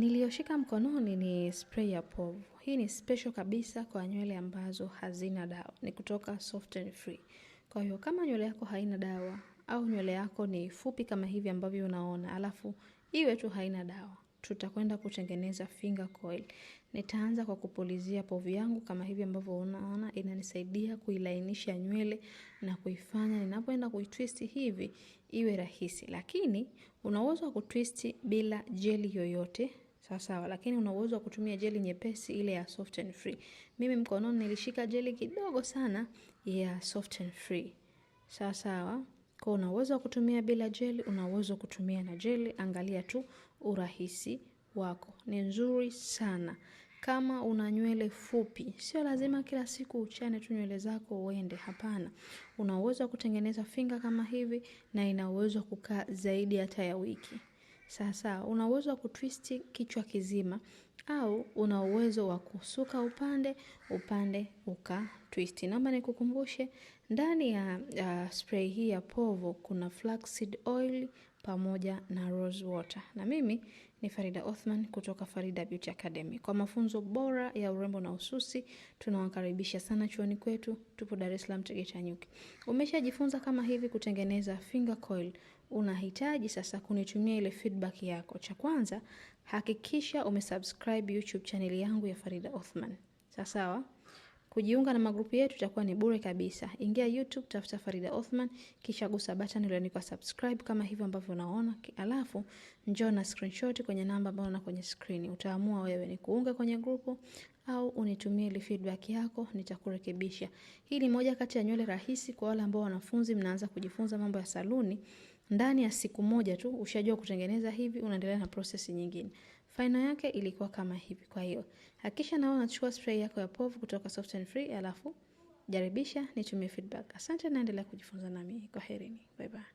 Niliyoshika mkononi ni spray ya povu. Hii ni special kabisa kwa nywele ambazo hazina dawa. Ni kutoka Soft and Free. Kwa hiyo kama nywele yako haina dawa au nywele yako ni fupi kama hivi ambavyo unaona, alafu iwe tu haina dawa, tutakwenda kutengeneza finger coil. Nitaanza kwa kupulizia povu yangu kama hivi ambavyo unaona, inanisaidia kuilainisha nywele na kuifanya ninapoenda kuitwist hivi iwe rahisi, lakini una uwezo wa kutwist bila jeli yoyote sawa sawa, lakini una uwezo wa kutumia jeli nyepesi ile ya soft and free. Mimi mkononi nilishika jeli kidogo sana ya soft and free, sawa sawa. Kwa una uwezo wa kutumia bila jeli, una uwezo wa kutumia na jeli, angalia tu urahisi wako. Ni nzuri sana kama una nywele fupi, sio lazima kila siku uchane tu nywele zako uende. Hapana, una uwezo wa kutengeneza finga kama hivi, na ina uwezo kukaa zaidi hata ya wiki. Sasa una uwezo wa kutwist kichwa kizima au una uwezo wa kusuka upande upande uka twist. Naomba nikukumbushe ndani ya uh, spray hii ya povo kuna flaxseed oil pamoja na rose water. Na mimi ni Farida Othman kutoka Farida Beauty Academy. Kwa mafunzo bora ya urembo na ususi, tunawakaribisha sana chuoni kwetu. Tupo Dar es Salaam Tegeta Nyuki. Umeshajifunza kama hivi kutengeneza finger coil, unahitaji sasa kunitumia ile feedback yako. Cha kwanza, hakikisha umesubscribe YouTube channel yangu ya Farida Othman. Sawa sawa? Kujiunga na magrupu yetu itakuwa ni bure kabisa. Ingia YouTube, tafuta Farida Othman, kisha gusa button iliyoandikwa subscribe kama hivyo ambavyo unaona, alafu njoo na screenshot kwenye namba ambayo unaona kwenye screen. Utaamua wewe ni kuunga kwenye grupu au unitumie ile feedback yako, nitakurekebisha. Hii ni moja kati ya nywele rahisi kwa wale ambao wanafunzi mnaanza kujifunza mambo ya saluni. Ndani ya siku moja tu ushajua kutengeneza hivi, unaendelea na process nyingine. Final yake ilikuwa kama hivi. Kwa hiyo hakikisha nawe unachukua spray yako ya povu kutoka Soft and Free, alafu jaribisha, nitumie feedback. Asante, naendelea kujifunza nami. Kwaherini, bye bye.